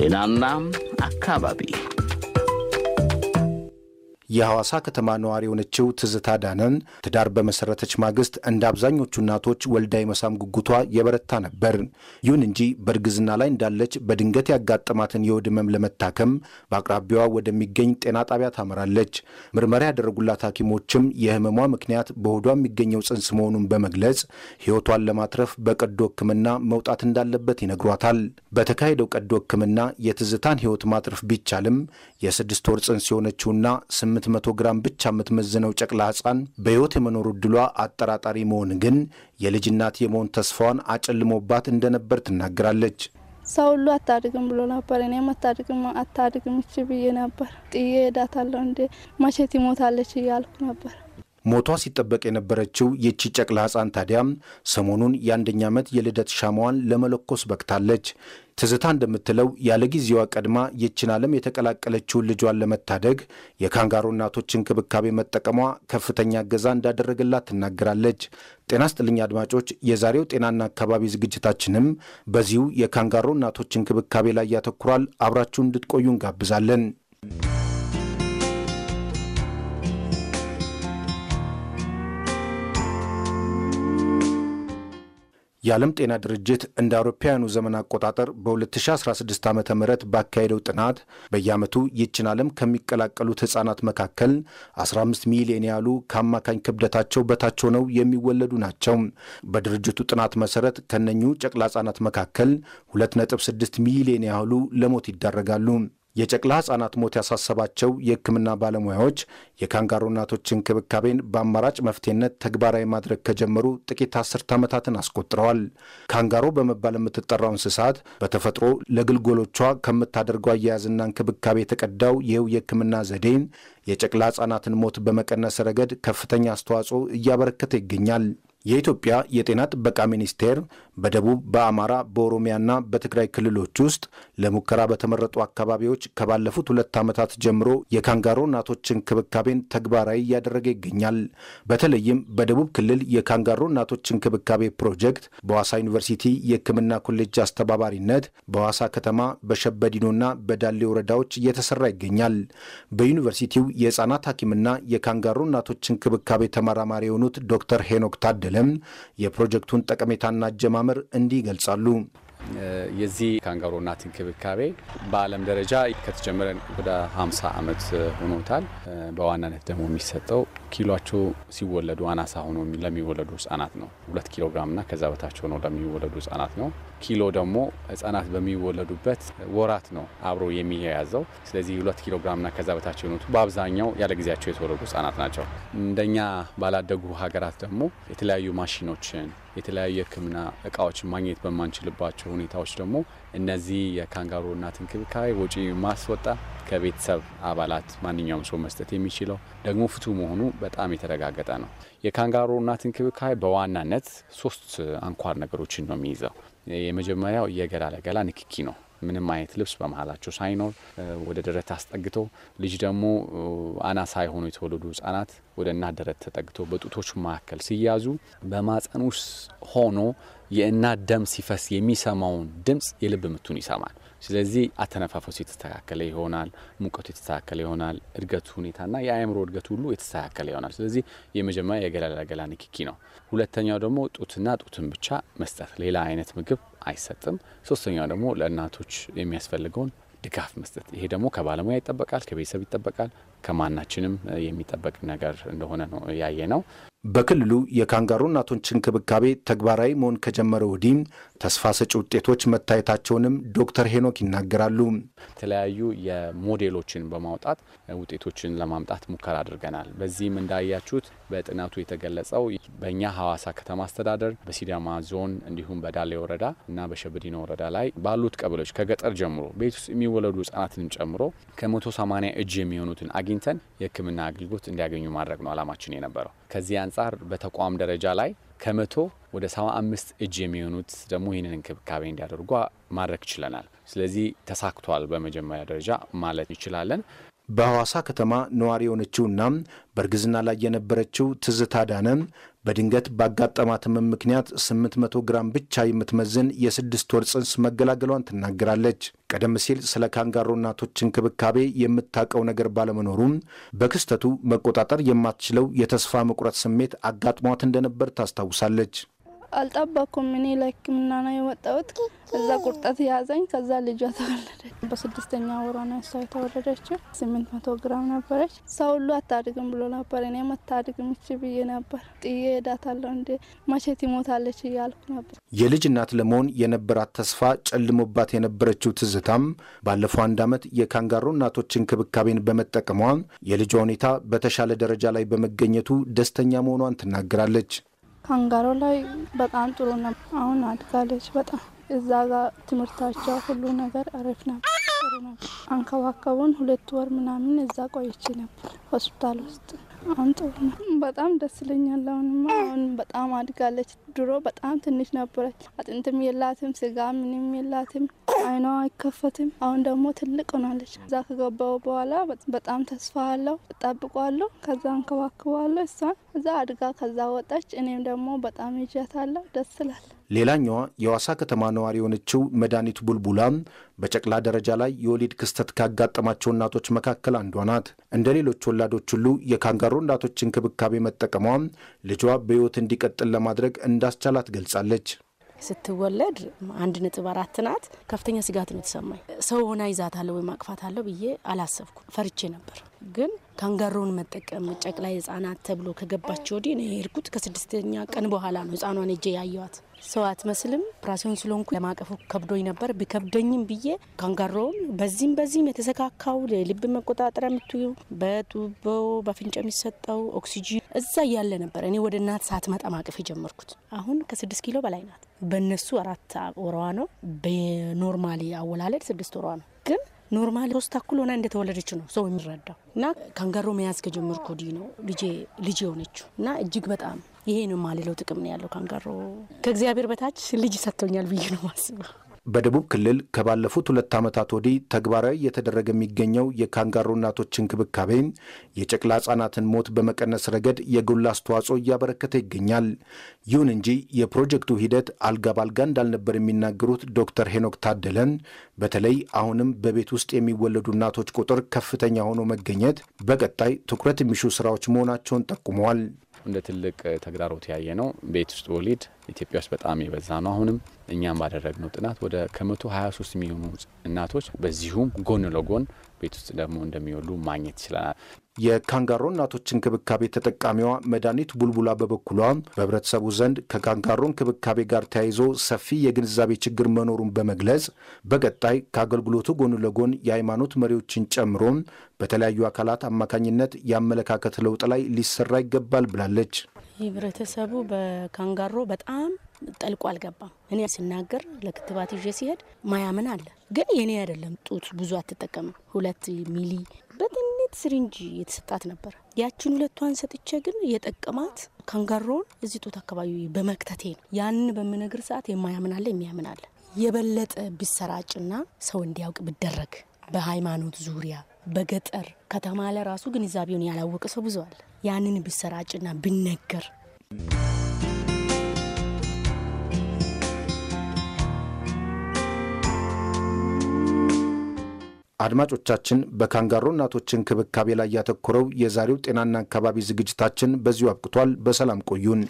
ጤናና አካባቢ የሐዋሳ ከተማ ነዋሪ የሆነችው ትዝታ ዳነን ትዳር በመሰረተች ማግስት እንደ አብዛኞቹ እናቶች ወልዳ የመሳም ጉጉቷ የበረታ ነበር። ይሁን እንጂ በእርግዝና ላይ እንዳለች በድንገት ያጋጠማትን የሆድ ህመም ለመታከም በአቅራቢያዋ ወደሚገኝ ጤና ጣቢያ ታመራለች። ምርመራ ያደረጉላት ሐኪሞችም የህመሟ ምክንያት በሆዷ የሚገኘው ጽንስ መሆኑን በመግለጽ ህይወቷን ለማትረፍ በቀዶ ህክምና መውጣት እንዳለበት ይነግሯታል። በተካሄደው ቀዶ ህክምና የትዝታን ህይወት ማትረፍ ቢቻልም የስድስት ወር ጽንስ የሆነችውና ዓመት መቶ ግራም ብቻ የምትመዝነው ጨቅላ ህፃን በሕይወት የመኖር ዕድሏ አጠራጣሪ መሆን ግን የልጅናት የመሆን ተስፋዋን አጨልሞባት እንደነበር ትናገራለች። ሰው ሁሉ አታድግም ብሎ ነበር። እኔም አታድግም አታድግም ብዬ ነበር። ጥዬ ሄዳታለሁ እንዴ መቼት ይሞታለች እያልኩ ነበር ሞቷ ሲጠበቅ የነበረችው የቺ ጨቅላ ሕፃን ታዲያም ሰሞኑን የአንደኛ ዓመት የልደት ሻማዋን ለመለኮስ በቅታለች። ትዝታ እንደምትለው ያለ ጊዜዋ ቀድማ የችን ዓለም የተቀላቀለችውን ልጇን ለመታደግ የካንጋሮ እናቶች እንክብካቤ መጠቀሟ ከፍተኛ እገዛ እንዳደረገላት ትናገራለች። ጤና ስጥልኝ አድማጮች፣ የዛሬው ጤናና አካባቢ ዝግጅታችንም በዚሁ የካንጋሮ እናቶች እንክብካቤ ላይ ያተኩራል። አብራችሁ እንድትቆዩ እንጋብዛለን። የዓለም ጤና ድርጅት እንደ አውሮፓውያኑ ዘመን አቆጣጠር በ2016 ዓ ም ባካሄደው ጥናት በየዓመቱ ይችን ዓለም ከሚቀላቀሉት ሕፃናት መካከል 15 ሚሊዮን ያሉ ከአማካኝ ክብደታቸው በታች ነው የሚወለዱ ናቸው። በድርጅቱ ጥናት መሰረት ከነኙ ጨቅላ ሕፃናት መካከል 2.6 ሚሊዮን ያህሉ ለሞት ይዳረጋሉ። የጨቅላ ህጻናት ሞት ያሳሰባቸው የህክምና ባለሙያዎች የካንጋሮ እናቶች እንክብካቤን በአማራጭ መፍትሄነት ተግባራዊ ማድረግ ከጀመሩ ጥቂት አስርት ዓመታትን አስቆጥረዋል። ካንጋሮ በመባል የምትጠራው እንስሳት በተፈጥሮ ለግልገሎቿ ከምታደርገው አያያዝና እንክብካቤ የተቀዳው ይህው የህክምና ዘዴን የጨቅላ ህጻናትን ሞት በመቀነስ ረገድ ከፍተኛ አስተዋጽኦ እያበረከተ ይገኛል። የኢትዮጵያ የጤና ጥበቃ ሚኒስቴር በደቡብ በአማራ በኦሮሚያና በትግራይ ክልሎች ውስጥ ለሙከራ በተመረጡ አካባቢዎች ከባለፉት ሁለት ዓመታት ጀምሮ የካንጋሮ እናቶች እንክብካቤን ተግባራዊ እያደረገ ይገኛል። በተለይም በደቡብ ክልል የካንጋሮ እናቶች እንክብካቤ ፕሮጀክት በዋሳ ዩኒቨርሲቲ የሕክምና ኮሌጅ አስተባባሪነት በዋሳ ከተማ በሸበዲኖና በዳሌ ወረዳዎች እየተሰራ ይገኛል። በዩኒቨርሲቲው የህፃናት ሐኪምና የካንጋሮ እናቶች እንክብካቤ ተመራማሪ የሆኑት ዶክተር ሄኖክ ታደለም የፕሮጀክቱን ጠቀሜታና አጀማመ ማመር እንዲህ ይገልጻሉ። የዚህ ካንጋሮ እናት እንክብካቤ በዓለም ደረጃ ከተጀመረ ወደ 50 ዓመት ሆኖታል። በዋናነት ደግሞ የሚሰጠው ኪሏቸው ሲወለዱ አናሳ ሆኖ ለሚወለዱ ህጻናት ነው። ሁለት ኪሎ ግራምና ከዛ በታች ሆኖ ለሚወለዱ ህጻናት ነው። ኪሎ ደግሞ ህጻናት በሚወለዱበት ወራት ነው አብሮ የሚያያዘው። ስለዚህ ሁለት ኪሎ ግራምና ከዛ በታች የሆኑት በአብዛኛው ያለ ጊዜያቸው የተወለዱ ህጻናት ናቸው። እንደኛ ባላደጉ ሀገራት ደግሞ የተለያዩ ማሽኖችን የተለያዩ የህክምና እቃዎችን ማግኘት በማንችልባቸው ሁኔታዎች ደግሞ እነዚህ የካንጋሮ እናት እንክብካቤ ወጪ ማስወጣ ከቤተሰብ አባላት ማንኛውም ሰው መስጠት የሚችለው ደግሞ ፍቱ መሆኑ በጣም የተረጋገጠ ነው። የካንጋሮ እናት እንክብካቤ በዋናነት ሶስት አንኳር ነገሮችን ነው የሚይዘው። የመጀመሪያው የገላ ለገላ ንክኪ ነው። ምንም አይነት ልብስ በመሀላቸው ሳይኖር ወደ ደረት አስጠግቶ ልጅ ደግሞ አናሳ የሆኑ የተወለዱ ህጻናት ወደ እናት ደረት ተጠግቶ በጡቶች መካከል ሲያዙ በማፀን ውስጥ ሆኖ የእናት ደም ሲፈስ የሚሰማውን ድምፅ የልብ ምቱን ይሰማል። ስለዚህ አተነፋፈሱ የተስተካከለ ይሆናል፣ ሙቀቱ የተስተካከለ ይሆናል፣ እድገቱ ሁኔታና የአእምሮ እድገቱ ሁሉ የተስተካከለ ይሆናል። ስለዚህ የመጀመሪያ የገላ ለገላ ንክኪ ነው። ሁለተኛው ደግሞ ጡትና ጡትን ብቻ መስጠት፣ ሌላ አይነት ምግብ አይሰጥም። ሶስተኛው ደግሞ ለእናቶች የሚያስፈልገውን ድጋፍ መስጠት። ይሄ ደግሞ ከባለሙያ ይጠበቃል፣ ከቤተሰብ ይጠበቃል፣ ከማናችንም የሚጠበቅ ነገር እንደሆነ ነው ያየ ነው። በክልሉ የካንጋሮ እናቶች እንክብካቤ ተግባራዊ መሆን ከጀመረ ወዲህም ተስፋ ሰጪ ውጤቶች መታየታቸውንም ዶክተር ሄኖክ ይናገራሉ። የተለያዩ የሞዴሎችን በማውጣት ውጤቶችን ለማምጣት ሙከራ አድርገናል። በዚህም እንዳያችሁት በጥናቱ የተገለጸው በእኛ ሐዋሳ ከተማ አስተዳደር፣ በሲዳማ ዞን እንዲሁም በዳሌ ወረዳ እና በሸብዲኖ ወረዳ ላይ ባሉት ቀበሌዎች ከገጠር ጀምሮ ቤት ውስጥ የሚወለዱ ህጻናትን ጨምሮ ከ180 እጅ የሚሆኑትን አግኝተን የህክምና አገልግሎት እንዲያገኙ ማድረግ ነው አላማችን የነበረው። ከዚህ አንጻር በተቋም ደረጃ ላይ ከመቶ ወደ ሰባ አምስት እጅ የሚሆኑት ደግሞ ይህንን እንክብካቤ እንዲያደርጓ ማድረግ ችለናል። ስለዚህ ተሳክቷል በመጀመሪያ ደረጃ ማለት እንችላለን። በሐዋሳ ከተማ ነዋሪ የሆነችውና በእርግዝና ላይ የነበረችው ትዝታ ዳነ በድንገት ባጋጠማት ሕመም ምክንያት 800 ግራም ብቻ የምትመዝን የስድስት ወር ጽንስ መገላገሏን ትናገራለች። ቀደም ሲል ስለ ካንጋሮ እናቶች እንክብካቤ የምታውቀው ነገር ባለመኖሩም በክስተቱ መቆጣጠር የማትችለው የተስፋ መቁረጥ ስሜት አጋጥሟት እንደነበር ታስታውሳለች። አልጠበኩም። እኔ ለሕክምና ነው የመጣሁት። እዛ ቁርጠት ያዘኝ። ከዛ ልጇ ተወለደች። በስድስተኛ ወሯ ነው እሷ የተወለደችው። ስምንት መቶ ግራም ነበረች። ሰው ሁሉ አታድግም ብሎ ነበር። እኔ አታድግም እች ብዬ ነበር። ጥዬ ሄዳታለሁ እንደ መቼ ትሞታለች እያልኩ ነበር። የልጅ እናት ለመሆን የነበራት ተስፋ ጨልሞባት የነበረችው ትዝታም ባለፈው አንድ ዓመት የካንጋሮ እናቶች እንክብካቤን በመጠቀሟ የልጇ ሁኔታ በተሻለ ደረጃ ላይ በመገኘቱ ደስተኛ መሆኗን ትናገራለች። ካንጋሮ ላይ በጣም ጥሩ ነው። አሁን አድጋለች በጣም እዛ ጋር ትምህርታቸው ሁሉ ነገር አሪፍ ነ አንከባከቡን ሁለት ወር ምናምን እዛ ቆይቼ ነበር ሆስፒታል ውስጥ አሁን ጥሩ ነው። በጣም ደስ ይለኛል። አሁንማ አሁን በጣም አድጋለች። ድሮ በጣም ትንሽ ነበረች። አጥንትም የላትም፣ ስጋ ምንም የላትም፣ አይኗ አይከፈትም። አሁን ደግሞ ትልቅ ሆናለች። እዛ ከገባው በኋላ በጣም ተስፋ አለው። እጠብቋለሁ፣ ከዛ እንከባክባለሁ እሷን። እዛ አድጋ ከዛ ወጣች። እኔም ደግሞ በጣም ይዣታለሁ። ደስ ይላል። ሌላኛዋ የዋሳ ከተማ ነዋሪ የሆነችው መድኃኒት ቡልቡላ በጨቅላ ደረጃ ላይ የወሊድ ክስተት ካጋጠማቸው እናቶች መካከል አንዷ ናት። እንደ ሌሎች ወላዶች ሁሉ የካንጋሮ እናቶች እንክብካቤ መጠቀሟ ልጇ በሕይወት እንዲቀጥል ለማድረግ እንዳስቻላት ገልጻለች። ስትወለድ አንድ ነጥብ አራት ናት። ከፍተኛ ስጋት ነው የተሰማኝ። ሰው ሆና ይዛታለሁ ወይም አቅፋታለሁ ብዬ አላሰብኩ፣ ፈርቼ ነበር። ግን ካንጋሮውን መጠቀም ጨቅላ ህጻናት ተብሎ ከገባች ወዲህ ነው የሄድኩት። ከስድስተኛ ቀን በኋላ ነው ህጻኗን እጄ ያየዋት። ሰው አትመስልም። ፕራሲዮን ስለሆንኩ ለማቀፉ ከብዶኝ ነበር። ቢከብደኝም ብዬ ካንጋሮውን በዚህም በዚህም የተሰካካው ልብ መቆጣጠሪያ የምትዩ በጡቦ በፍንጫ የሚሰጠው ኦክሲጂ እዛ እያለ ነበር እኔ ወደ እናት መጣም ማቀፍ የጀመርኩት። አሁን ከስድስት ኪሎ በላይ ናት። በእነሱ አራት ወረዋ ነው፣ በኖርማሊ አወላለድ ስድስት ወረዋ ነው ግን ኖርማል ሶስት ተኩል ሆና እንደተወለደች ነው ሰው የሚረዳው። እና ካንጋሮ መያዝ ከጀመርኩ ወዲህ ነው ልጄ ልጅ የሆነችው እና እጅግ በጣም ይሄ ነው የማልለው ጥቅም ነው ያለው ካንጋሮ። ከእግዚአብሔር በታች ልጅ ሰጥቶኛል ብዬ ነው ማስበው። በደቡብ ክልል ከባለፉት ሁለት ዓመታት ወዲህ ተግባራዊ እየተደረገ የሚገኘው የካንጋሮ እናቶች እንክብካቤ የጨቅላ ህጻናትን ሞት በመቀነስ ረገድ የጎላ አስተዋጽኦ እያበረከተ ይገኛል። ይሁን እንጂ የፕሮጀክቱ ሂደት አልጋ ባልጋ እንዳልነበር የሚናገሩት ዶክተር ሄኖክ ታደለን በተለይ አሁንም በቤት ውስጥ የሚወለዱ እናቶች ቁጥር ከፍተኛ ሆኖ መገኘት በቀጣይ ትኩረት የሚሹ ስራዎች መሆናቸውን ጠቁመዋል። እንደ ትልቅ ተግዳሮት ያየ ነው። ቤት ውስጥ ወሊድ ኢትዮጵያ ውስጥ በጣም የበዛ ነው። አሁንም እኛም ባደረግነው ጥናት ወደ ከ123 የሚሆኑ እናቶች በዚሁም ጎን ለጎን ቤት ውስጥ ደግሞ እንደሚወሉ ማግኘት ይችለናል። የካንጋሮ እናቶች እንክብካቤ ተጠቃሚዋ መድኃኒት ቡልቡላ በበኩሏ በህብረተሰቡ ዘንድ ከካንጋሮ እንክብካቤ ጋር ተያይዞ ሰፊ የግንዛቤ ችግር መኖሩን በመግለጽ በቀጣይ ከአገልግሎቱ ጎን ለጎን የሃይማኖት መሪዎችን ጨምሮ በተለያዩ አካላት አማካኝነት የአመለካከት ለውጥ ላይ ሊሰራ ይገባል ብላለች። ህብረተሰቡ በካንጋሮ በጣም ጠልቆ አልገባም። እኔ ስናገር ለክትባት ይዤ ሲሄድ ማያምን አለ፣ ግን የኔ አይደለም ጡት ብዙ አትጠቀምም ሁለት ሚሊ ሁለት ስሪንጅ የተሰጣት ነበር። ያችን ሁለቷን ሰጥቼ ግን የጠቀማት ካንጋሮን እዚህ ጦት አካባቢ በመክተቴ ነው። ያንን በምነግር ሰዓት የማያምናለ የሚያምናለ የበለጠ ቢሰራጭና ሰው እንዲያውቅ ብደረግ በሃይማኖት ዙሪያ በገጠር ከተማ ለራሱ ግንዛቤውን ያላወቀ ሰው ብዙ አለ። ያንን ብሰራጭና ብነገር አድማጮቻችን በካንጋሮ እናቶች እንክብካቤ ላይ ያተኮረው የዛሬው ጤናና አካባቢ ዝግጅታችን በዚሁ አብቅቷል። በሰላም ቆዩን።